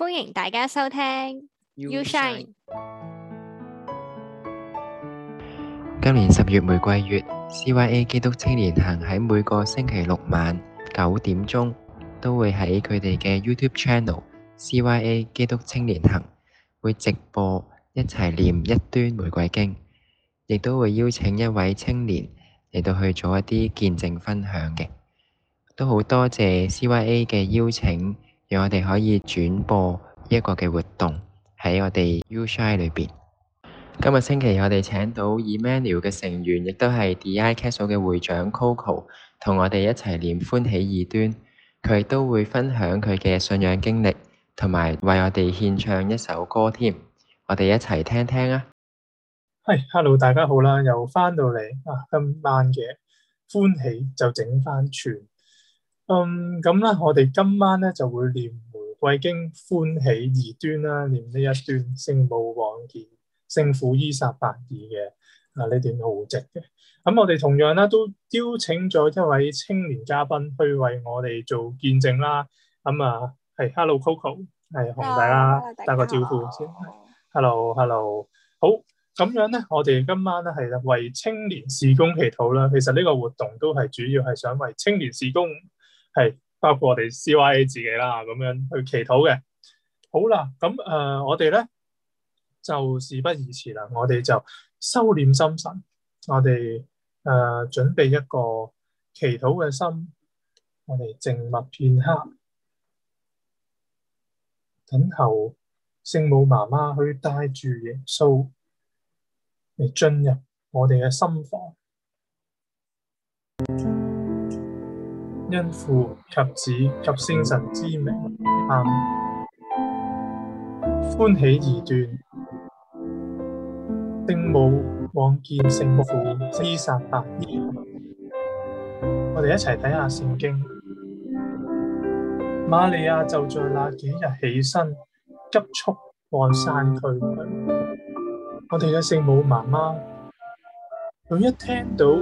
歡迎大家收聽。You Shine。今年十月玫瑰月，CYA 基督青年行喺每個星期六晚九點鐘都會喺佢哋嘅 YouTube Channel CYA 基督青年行會直播，一齊念一端玫瑰經，亦都會邀請一位青年嚟到去做一啲見證分享嘅。都好多謝 CYA 嘅邀請。讓我哋可以轉播一個嘅活動喺我哋 U Shine 裏邊。今日星期我哋請到 Emanuel 嘅成員，亦都係 D I c a 數嘅會長 Coco 同我哋一齊念歡喜二端，佢都會分享佢嘅信仰經歷，同埋為我哋獻唱一首歌添。我哋一齊聽聽啊！係、hey,，Hello，大家好啦，又翻到嚟啊，今晚嘅歡喜就整翻全。嗯，咁咧，我哋今晚咧就會念《玫瑰經》歡喜二端啦，念呢一段聖母往見聖父伊撒伯爾嘅啊呢段奧跡。嘅、嗯。咁我哋同樣咧都邀請咗一位青年嘉賓去為我哋做見證啦。咁、嗯、啊，係 Hello Coco，係同大家打 Hello, hello, 個招呼先。Hello，Hello，hello, 好。咁樣咧，我哋今晚咧係為青年事工祈禱啦。其實呢個活動都係主要係想為青年事工。係包括我哋 CIA 自己啦，咁樣去祈禱嘅。好啦，咁誒、呃，我哋咧就事不宜遲啦，我哋就收斂心神，我哋誒、呃、準備一個祈禱嘅心，我哋靜默片刻，等候聖母媽媽去帶住耶穌嚟進入我哋嘅心房。因父及子及聖神之名喊、啊，歡喜二端。聖母往見聖婦依撒伯爾，我哋一齊睇下聖經。瑪利亞就在那幾日起身，急速往山區去。我哋嘅聖母媽媽，佢一聽到，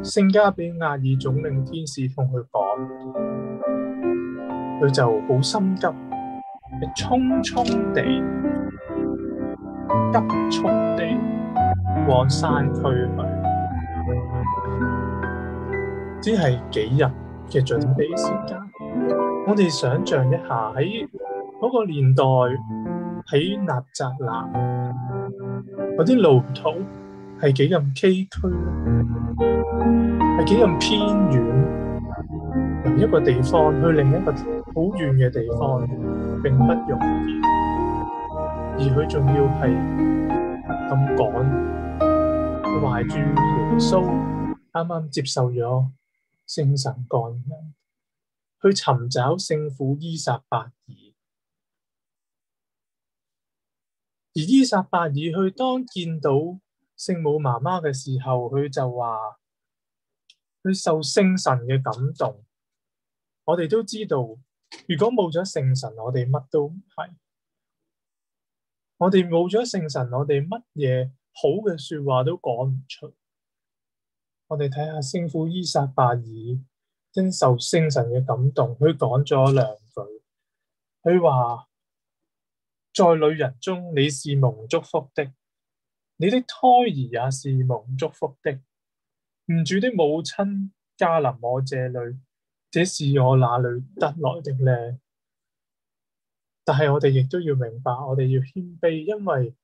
聖家比亞爾總領天使同佢講，佢就好心急，匆匆地、急促地往山區去。只係幾日嘅準備時間。我哋想像一下喺嗰個年代喺納扎南嗰啲路途。係幾咁崎嶇，係幾咁偏遠，由一個地方去另一個好遠嘅地方，並不容易。而佢仲要係咁趕，懷住耶穌啱啱接受咗聖神降臨，去尋找聖婦伊撒伯爾。而伊撒伯爾去當見到。聖母媽媽嘅時候，佢就話佢受聖神嘅感動。我哋都知道，如果冇咗聖神，我哋乜都唔係。我哋冇咗聖神，我哋乜嘢好嘅說話都講唔出。我哋睇下聖父伊撒伯爾因受聖神嘅感動，佢講咗兩句。佢話：在女人中，你是蒙祝福的。你的胎兒也是蒙祝福的，吾主的母親降臨我這裏，這是我哪裏得來的咧？但係我哋亦都要明白，我哋要謙卑，因為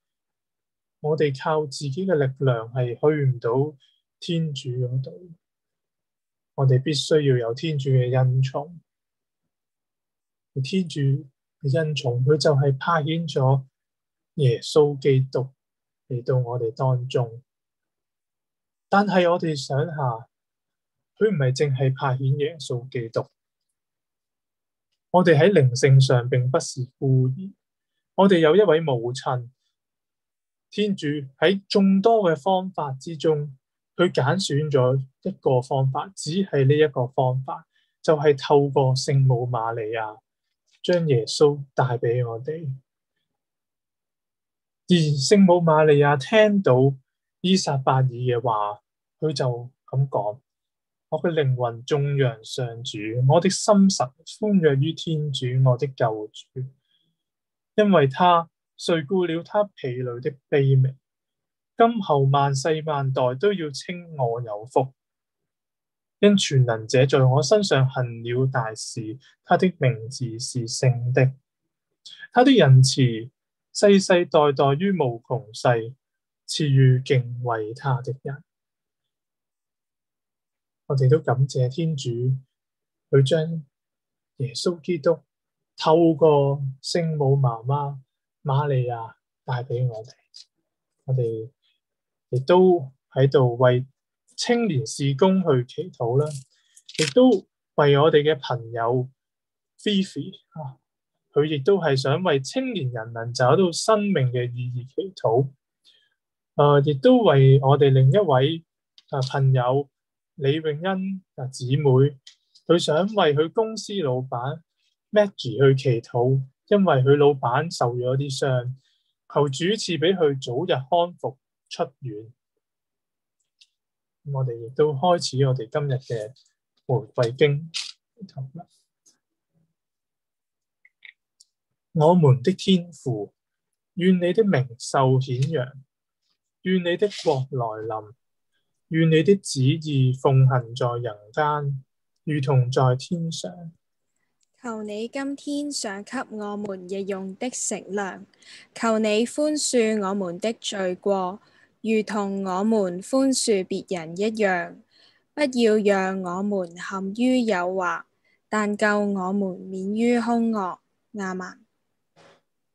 我哋靠自己嘅力量係去唔到天主嗰度，我哋必須要有天主嘅恩寵，天主嘅恩寵，佢就係派遣咗耶穌基督。嚟到我哋當中，但係我哋想下，佢唔係淨係派遣耶穌基督。我哋喺靈性上並不是孤兒，我哋有一位母親天主，喺眾多嘅方法之中，佢揀選咗一個方法，只係呢一個方法，就係、是、透過聖母瑪利亞將耶穌帶俾我哋。而聖母瑪利亞聽到伊撒伯爾嘅話，佢就咁講：我嘅靈魂頌揚上主，我的心神歡躍於天主，我的救主，因為他垂顧了他疲累的卑微，今後萬世萬代都要稱我有福，因全能者在我身上行了大事，他的名字是聖的，他的仁慈。世世代代於無窮世賜予敬畏他的人，我哋都感謝天主，佢將耶穌基督透過聖母媽媽瑪利亞帶俾我哋。我哋亦都喺度為青年事工去祈禱啦，亦都為我哋嘅朋友菲菲佢亦都係想為青年人能找到生命嘅意義祈禱。誒、呃，亦都為我哋另一位誒朋友李永恩嘅姊妹，佢想為佢公司老闆 Maggie 去祈禱，因為佢老闆受咗啲傷，求主賜俾佢早日康復出院。嗯，我哋亦都開始我哋今日嘅玫瑰經。我們的天父，願你的名受顯揚，願你的國來臨，願你的旨意奉行在人間，如同在天上。求你今天賞給我們日用的食糧。求你寬恕我們的罪過，如同我們寬恕別人一樣。不要讓我們陷於誘惑，但救我們免於凶惡。阿們。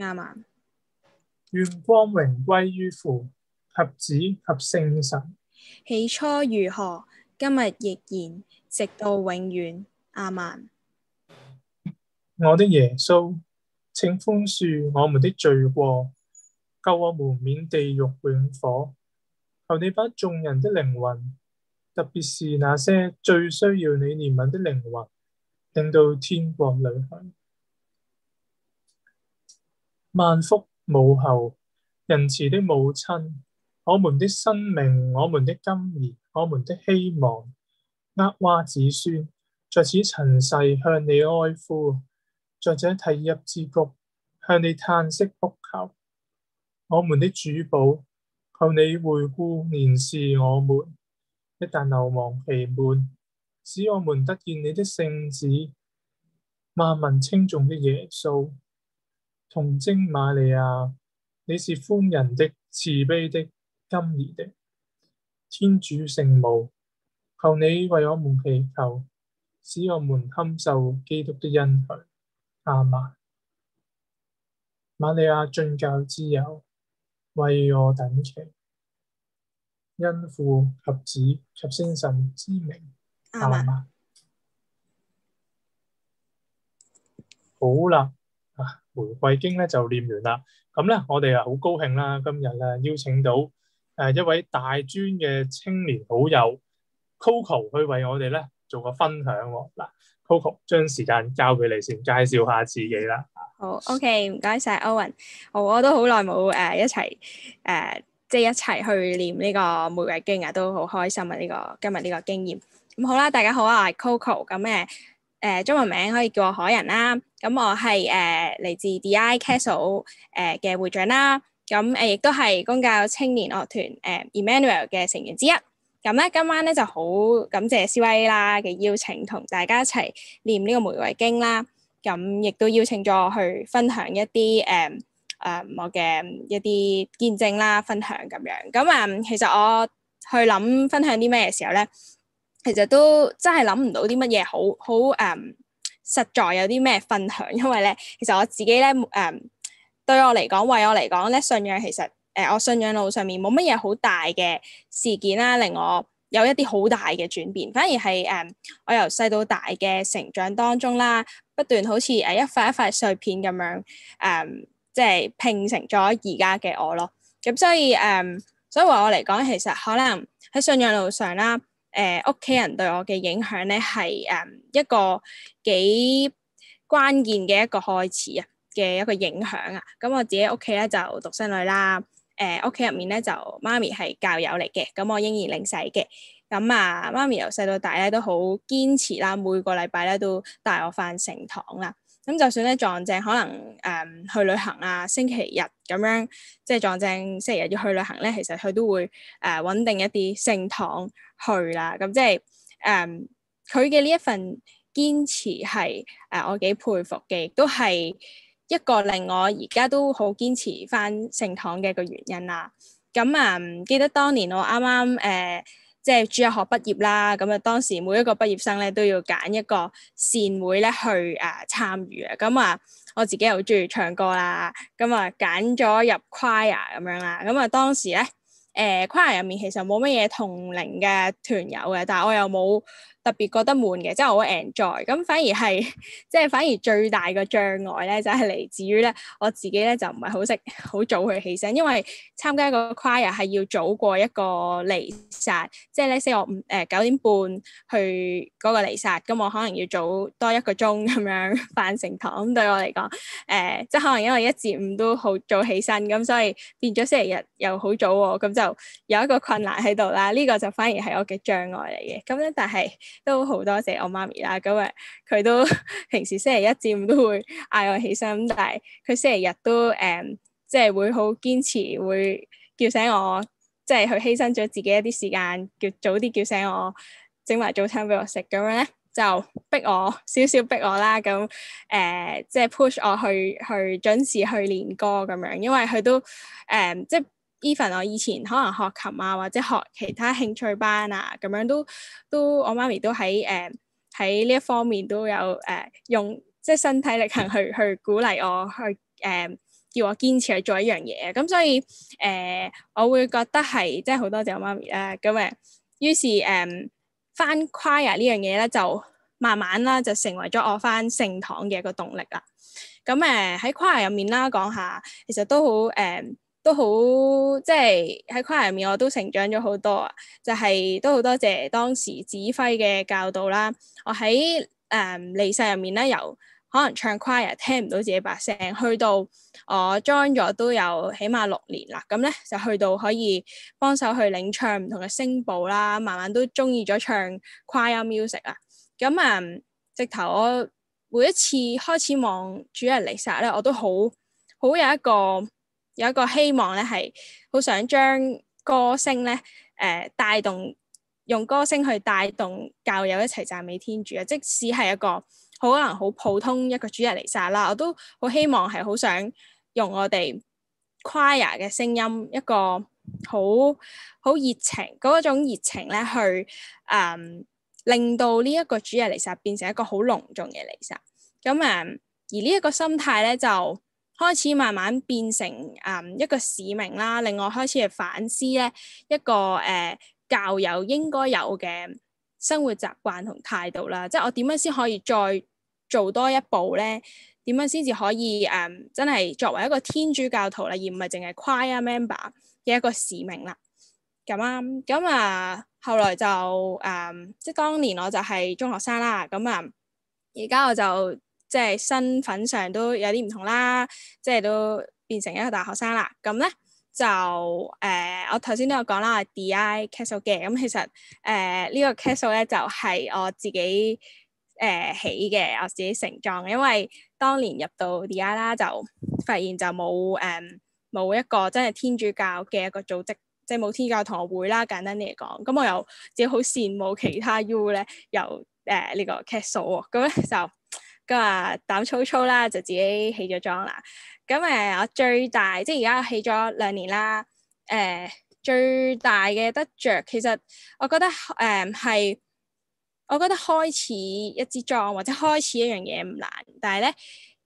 阿曼，嗯、願光榮歸於父、及子、及聖神。起初如何，今日亦然，直到永遠。阿、嗯、曼，我的耶穌，請寬恕我們的罪過，救我們免地獄永火。求你把眾人的靈魂，特別是那些最需要你憐憫的靈魂，領到天國裏去。萬福母后，仁慈的母親，我們的生命，我們的甘飴，我們的希望，厄娃子孫在此塵世向你哀呼，在這涕泣之谷向你嘆息哭求，我們的主保，求你回顧憐視我們，一旦流亡期滿，使我們得見你的聖子，萬民稱頌的耶穌。童貞瑪利亞，你是寬仁的、慈悲的、甘飴的天主聖母，求你為我們祈求，使我們堪受基督的恩許。阿瑪瑪利亞，進教之佑，為我等祈，因父及子及聖神之名。阿瑪，阿瑪好啦。玫瑰經咧就念完啦，咁咧我哋啊好高興啦，今日咧邀請到誒一位大專嘅青年好友 Coco 去為我哋咧做個分享。嗱，Coco 將時間交俾你先，介紹下自己啦。好，OK，唔該晒，Owen。好、哦，我都好耐冇誒一齊誒，即、呃、係、就是、一齊去念呢個玫瑰經啊，都好開心啊！呢、這個今日呢個經驗咁、嗯、好啦，大家好啊，我係 Coco。咁誒。誒、呃、中文名可以叫我海人啦，咁、嗯、我係誒嚟自 D.I.Castle 嘅、呃、會長啦，咁誒亦都係公教青年樂團誒 Emmanuel 嘅成員之一。咁、嗯、咧今晚咧就好感謝 C 威啦嘅邀請，同大家一齊念呢個玫瑰經啦，咁、嗯、亦都邀請咗我去分享一啲誒誒我嘅一啲見證啦，分享咁樣。咁、嗯、啊，其實我去諗分享啲咩嘅時候咧，其實都真係諗唔到啲乜嘢，好好誒，實在有啲咩分享。因為咧，其實我自己咧誒、嗯，對我嚟講，為我嚟講咧，信仰其實誒、呃，我信仰路上面冇乜嘢好大嘅事件啦，令我有一啲好大嘅轉變。反而係誒，我由細到大嘅成長當中啦，不斷好似誒一塊一塊碎片咁樣誒，即、嗯、係、就是、拼成咗而家嘅我咯。咁所以誒、嗯，所以話我嚟講，其實可能喺信仰路上啦。誒屋企人對我嘅影響咧，係誒、呃、一個幾關鍵嘅一個開始啊嘅一個影響啊。咁、嗯、我自己屋企咧就獨生女啦。誒屋企入面咧就媽咪係教友嚟嘅，咁、嗯、我嬰兒領洗嘅。咁、嗯、啊媽咪由細到大咧都好堅持啦，每個禮拜咧都帶我返聖堂啦。咁就算咧撞正，可能誒、嗯、去旅行啊，星期日咁樣，即係撞正星期日要去旅行咧，其實佢都會誒、呃、穩定一啲聖堂去啦。咁、嗯、即係誒，佢嘅呢一份堅持係誒、呃、我幾佩服嘅，亦都係一個令我而家都好堅持返聖堂嘅一個原因啦。咁、嗯、啊，記得當年我啱啱誒。呃即係主日學畢業啦，咁、嗯、啊當時每一個畢業生咧都要揀一個善會咧去誒參與啊，咁啊、嗯、我自己又好中意唱歌啦，咁啊揀咗入 choir 咁樣啦，咁、嗯、啊當時咧誒、呃、choir 入面其實冇乜嘢同齡嘅團友嘅，但係我又冇。特別覺得悶嘅，即、就、係、是、我好 enjoy，咁反而係即係反而最大嘅障礙咧，就係、是、嚟自於咧我自己咧就唔係好識好早去起身，因為參加個 choir 係要早過一個彌撒，即係咧四我五九、呃、點半去嗰個彌撒，咁我可能要早多一個鐘咁樣返成堂。咁 對我嚟講誒，即、呃、係可能因為一至五都好早起身，咁所以變咗星期日又好早喎、哦，咁就有一個困難喺度啦。呢、這個就反而係我嘅障礙嚟嘅，咁咧但係。都好多謝我媽咪啦，咁啊佢都平時星期一至五都會嗌我起身，但係佢星期日都誒，即係會好堅持會叫醒我，即係佢犧牲咗自己一啲時間，叫早啲叫醒我整埋早餐俾我食，咁樣咧就逼我少少逼我啦，咁誒即係 push 我去去準時去練歌咁樣，因為佢都誒即係 even 我以前可能學琴啊，或者學其他興趣班啊，咁樣都都我媽咪都喺誒喺呢一方面都有誒、呃、用即係、就是、身體力行去去鼓勵我去誒、呃、叫我堅持去做一樣嘢，咁所以誒、呃、我會覺得係即係好多謝我媽咪誒咁嘅。於是誒、呃、翻跨牙呢樣嘢咧，就慢慢啦就成為咗我翻聖堂嘅個動力啦。咁誒喺跨牙入面啦，講下其實都好誒。呃都好，即係喺 choir 入面，我都成長咗好多啊！就係、是、都好多謝當時指揮嘅教導啦。我喺誒離世入面咧，由可能唱 choir 聽唔到自己把聲，去到我 join 咗都有起碼六年啦。咁咧就去到可以幫手去領唱唔同嘅聲部啦，慢慢都中意咗唱 choir music 啊。咁啊，嗯、直頭我每一次開始望主人離世咧，我都好好有一個。有一個希望咧，係好想將歌聲咧，誒、呃、帶動，用歌聲去帶動教友一齊讚美天主啊！即使係一個好可能好普通一個主日彌撒啦，我都好希望係好想用我哋 choir 嘅聲音，一個好好熱情嗰一種熱情咧，去誒、嗯、令到呢一個主日彌撒變成一個好隆重嘅彌撒。咁、嗯、誒，而呢一個心態咧就～開始慢慢變成誒、嗯、一個使命啦，另外開始係反思咧一個誒、呃、教友應該有嘅生活習慣同態度啦，即係我點樣先可以再做多一步咧？點樣先至可以誒、呃、真係作為一個天主教徒啦，而唔係淨係 choir member 嘅一個使命啦。咁啊咁啊，後來就誒、嗯、即係當年我就係中學生啦，咁啊而家我就。即係身份上都有啲唔同啦，即係都變成一個大學生啦。咁咧就誒、呃，我頭先都有講啦，DI Castle 嘅。咁其實誒、呃這個、呢個 Castle 咧就係、是、我自己誒、呃、起嘅，我自己成裝嘅。因為當年入到 DI 啦，就發現就冇誒冇一個真係天主教嘅一個組織，即係冇天主教同學會啦。簡單啲嚟講，咁我又自己好羨慕其他 U 咧有誒、呃這個、呢個 Castle 喎。咁咧就～佢話膽粗粗啦，就自己起咗妝啦。咁誒、呃，我最大即係而家起咗兩年啦。誒、呃，最大嘅得着，其實我覺得誒係、呃，我覺得開始一支妝或者開始一樣嘢唔難，但係咧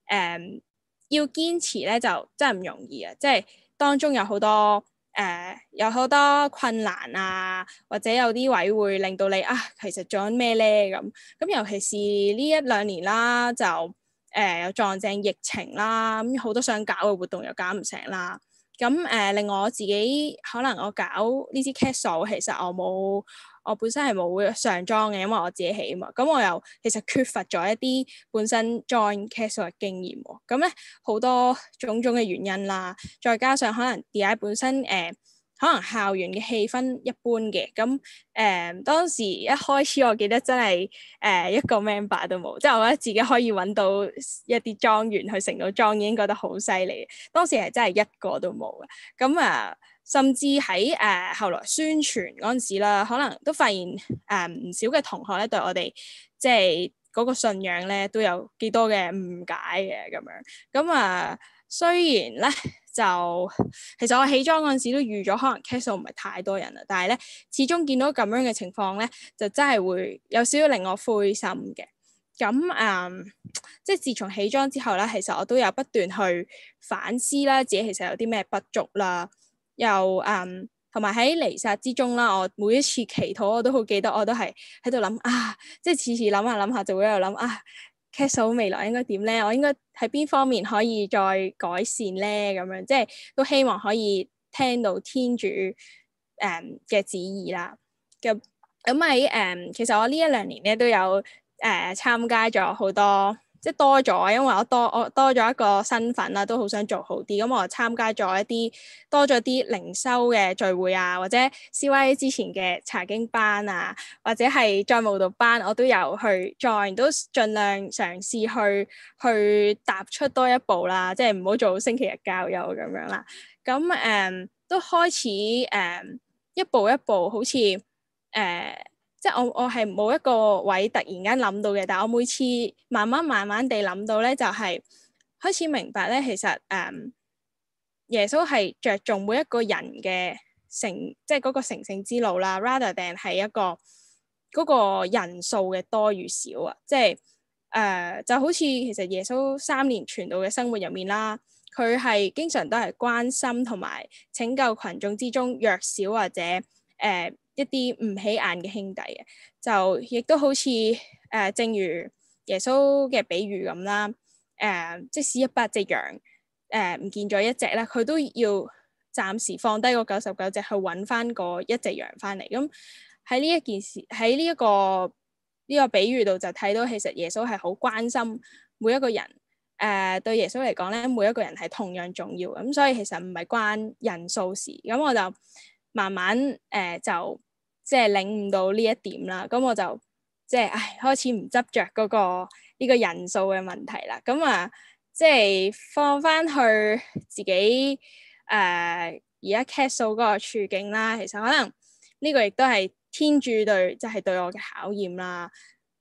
誒要堅持咧就真係唔容易啊！即係當中有好多。誒、uh, 有好多困難啊，或者有啲位會令到你啊，其實做緊咩咧咁？咁尤其是呢一兩年啦，就誒、呃、撞正疫情啦，咁好多想搞嘅活動又搞唔成啦。咁誒令我自己可能我搞呢啲 case 數，其實我冇。我本身係冇上莊嘅，因為我自己起啊嘛。咁我又其實缺乏咗一啲本身 join cast 嘅經驗喎。咁咧好多種種嘅原因啦，再加上可能 DI 本身誒、呃，可能校園嘅氣氛一般嘅。咁誒、呃、當時一開始我記得真係誒、呃、一個 member 都冇，即、就、係、是、我覺得自己可以揾到一啲莊員去成到莊已經覺得好犀利。當時係真係一個都冇嘅。咁啊～、呃甚至喺誒、呃、後來宣傳嗰陣時啦，可能都發現誒唔少嘅同學咧對我哋即係嗰個信仰咧都有幾多嘅誤解嘅咁樣。咁、嗯、啊、呃，雖然咧就其實我起裝嗰陣時都預咗可能 case 唔係太多人啦，但係咧始終見到咁樣嘅情況咧，就真係會有少少令我灰心嘅。咁、嗯、啊，即係自從起裝之後咧，其實我都有不斷去反思啦，自己其實有啲咩不足啦。又誒，同埋喺彌撒之中啦，我每一次祈禱我都好記得，我都係喺度諗啊，即係次次諗下諗下就會喺度諗啊 c a s t 未來應該點咧？我應該喺邊方面可以再改善咧？咁樣即係都希望可以聽到天主誒嘅、嗯、旨意啦。咁咁喺誒，其實我一兩呢一兩年咧都有誒參、呃、加咗好多。即係多咗，因為我多我多咗一個身份啦，都好想做好啲。咁我參加咗一啲多咗啲靈修嘅聚會啊，或者 C.Y.A 之前嘅查經班啊，或者係再舞蹈班，我都有去 join，都盡量嘗試去去踏出多一步啦，即係唔好做星期日教友咁樣啦。咁誒、嗯、都開始誒、嗯、一步一步，好似誒。嗯即係我我係冇一個位突然間諗到嘅，但係我每次慢慢慢慢地諗到咧，就係、是、開始明白咧，其實誒、嗯、耶穌係着重每一個人嘅成即係嗰個成聖之路啦，rather than 係一個嗰、那個人數嘅多與少啊，即係誒、呃、就好似其實耶穌三年傳道嘅生活入面啦，佢係經常都係關心同埋拯救群眾之中弱小或者誒。呃一啲唔起眼嘅兄弟嘅，就亦都好似誒、呃，正如耶穌嘅比喻咁啦，誒、呃，即使一百隻羊誒唔見咗一隻啦，佢都要暫時放低嗰九十九隻去搵返嗰一隻羊返嚟。咁喺呢一件事，喺呢一個呢、這個比喻度就睇到，其實耶穌係好關心每一個人，誒、呃，對耶穌嚟講咧，每一個人都係同樣重要。咁所以其實唔係關人數事。咁我就慢慢誒、呃、就。即係領悟到呢一點啦，咁我就即係唉開始唔執着嗰、那個呢、這個人數嘅問題啦。咁、嗯、啊，即係放翻去自己誒而家 cast 數嗰個處境啦。其實可能呢個亦都係天主對即係、就是、對我嘅考驗啦。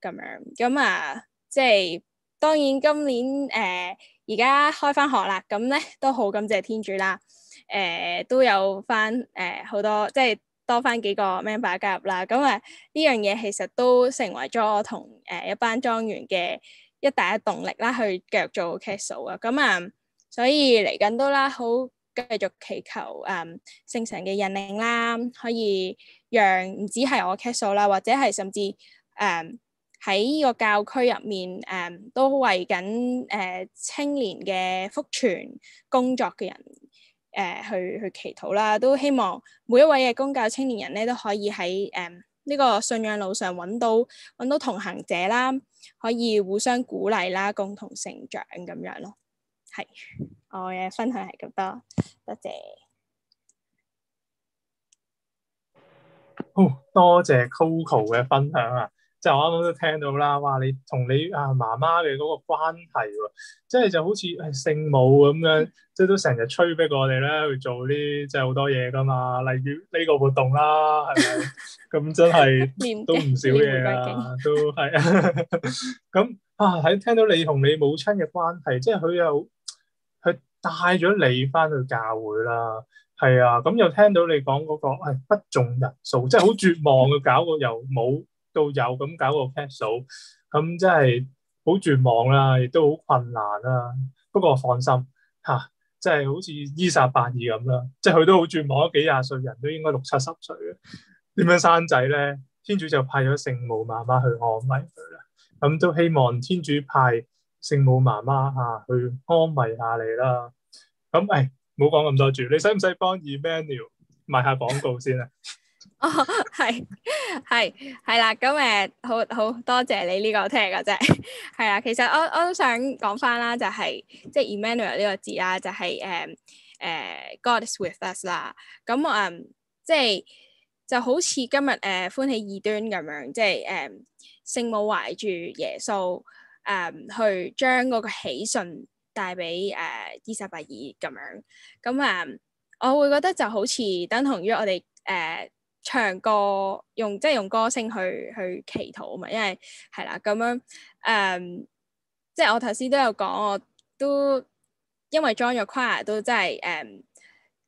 咁樣咁啊、嗯，即係當然今年誒而家開翻學啦，咁咧都好感謝天主啦。誒、呃、都有翻誒好多即係。多翻幾個 member 加入啦，咁啊呢樣嘢其實都成為咗我同誒、呃、一班莊員嘅一大一帶動力啦，去腳做 case 數啊，咁啊，所以嚟緊都啦，好繼續祈求誒、嗯、聖神嘅引領啦，可以讓唔止係我 case 啦，或者係甚至誒喺呢個教區入面誒、嗯、都為緊誒青年嘅福傳工作嘅人。誒、呃、去去祈禱啦，都希望每一位嘅公教青年人咧都可以喺誒呢個信仰路上揾到揾到同行者啦，可以互相鼓勵啦，共同成長噉樣囉。係，我嘅分享係咁多，多謝。好，多謝 Coco 嘅分享啊！就啱啱都聽到啦，哇！你同你啊媽媽嘅嗰個關係喎、啊，即係就好似聖母咁樣， 即係都成日催逼我哋咧去做啲即係好多嘢噶嘛，例如呢個活動啦，係咪咁真係都唔少嘢啊？ 都係咁啊！喺、 啊、聽到你同你母親嘅關係，即係佢又佢帶咗你翻去教會啦，係啊，咁又聽到你講嗰、那個、哎、不重人數，即係好絕望嘅搞個又冇。 到有咁搞個 pat 數，咁真係好絕望啦，亦都好困難啦。不過放心吓，啊，即係好似伊撒伯爾咁啦，即係佢都好絕望，幾廿歲人都應該六七十歲，點樣生仔咧？天主就派咗聖母媽媽去安慰佢啦。咁都希望天主派聖母媽媽吓去安慰下你啦。咁誒，冇講咁多住，你使唔使幫 Emanuel em 賣下廣告先啊？ 哦，係係係啦，咁誒、嗯，好好多謝你呢個聽嘅啫，係啊，其實我我都想講翻啦，就係、是、即係、就是、Emmanuel 呢個字啦，就係誒誒 God is with us 啦，咁啊，即、um, 係、就是、就好似今日誒、uh, 歡喜二端咁樣，即係誒聖母懷住耶穌誒、嗯、去將嗰個喜訊帶俾誒伊撒伯爾咁樣，咁啊，um, 我會覺得就好似等同於我哋誒。Uh, 唱歌用即係用歌聲去去祈禱啊嘛，因為係啦咁樣誒、嗯，即係我頭先都有講，我都因為 join 咗 choir 都真係誒、嗯，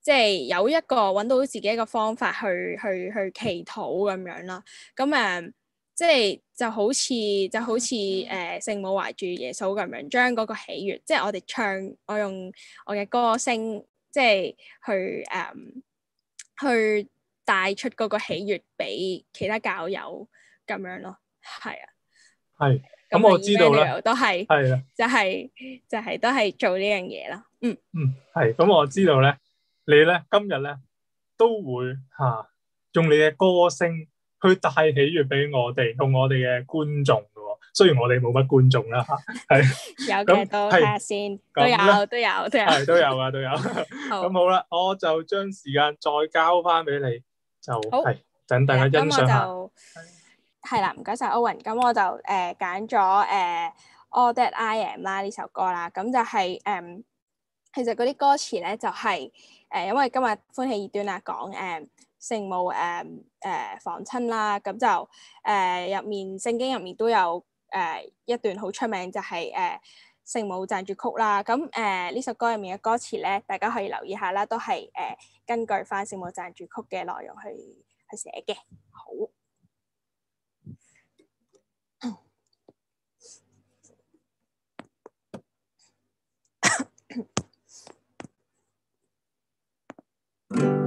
即係有一個搵到自己一個方法去去去，去祈禱咁樣啦。咁、嗯、誒，即係就好似就好似誒聖母懷住耶穌咁樣，將嗰個喜悅，即係我哋唱，我用我嘅歌聲，即係去誒去。嗯去帶出嗰個喜悦俾其他教友咁樣咯，係啊，係，咁我知道咧都係，係啦，就係就係都係做呢樣嘢咯，嗯嗯，係，咁我知道咧，你咧今日咧都會吓用你嘅歌聲去帶喜悅俾我哋，同我哋嘅觀眾噶喎，雖然我哋冇乜觀眾啦吓，係有嘅都睇下先，都有都有都有，係都有噶都有，咁好啦，我就將時間再交翻俾你。就係好等大家欣賞、嗯嗯嗯、Owen, 就，係、呃、啦，唔該曬 Owen，咁我就誒揀咗誒 All That I Am 啦呢首歌啦，咁就係、是、誒、呃、其實嗰啲歌詞咧就係、是、誒、呃、因為今日歡喜二端、呃呃、啦，講誒聖母誒誒訪親啦，咁就誒入面聖經入面都有誒一段好出名就係、是、誒。呃聖母讚主曲啦，咁誒呢首歌入面嘅歌詞咧，大家可以留意下啦，都係誒、呃、根據翻聖母讚主曲嘅內容去去寫嘅。好。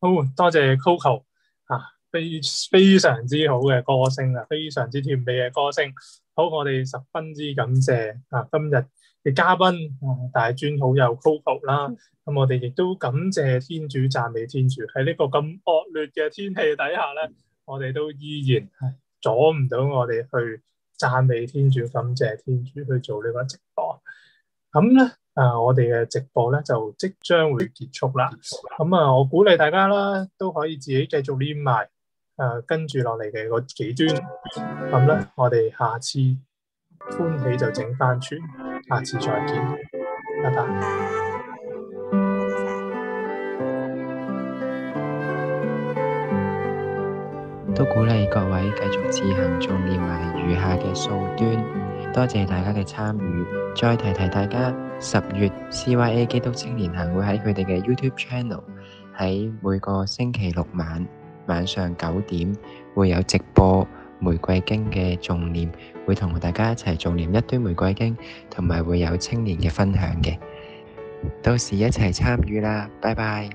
好，多謝 Coco 啊，非非常之好嘅歌聲啊，非常之甜美嘅歌聲。好，我哋十分之感謝啊，今日嘅嘉賓大專好友 Coco 啦。咁、嗯、我哋亦都感謝天主讚美天主，喺呢個咁惡劣嘅天氣底下咧，嗯、我哋都依然係阻唔到我哋去讚美天主，感謝天主去做呢個直播。咁咧。誒、啊，我哋嘅直播咧，就即將會結束啦。咁啊，我鼓勵大家啦，都可以自己繼續練埋誒，跟住落嚟嘅嗰幾端。咁、啊、咧，我哋下次歡喜就整翻串，下次再見，拜拜。都鼓勵各位繼續自行仲練埋餘下嘅數端。多謝大家嘅參與，再提提大家。十月 CYA 基督青年行會喺佢哋嘅 YouTube Channel，喺每個星期六晚晚上九點會有直播玫瑰經嘅重念，會同大家一齊重念一堆玫瑰經，同埋會有青年嘅分享嘅。到時一齊參與啦，拜拜。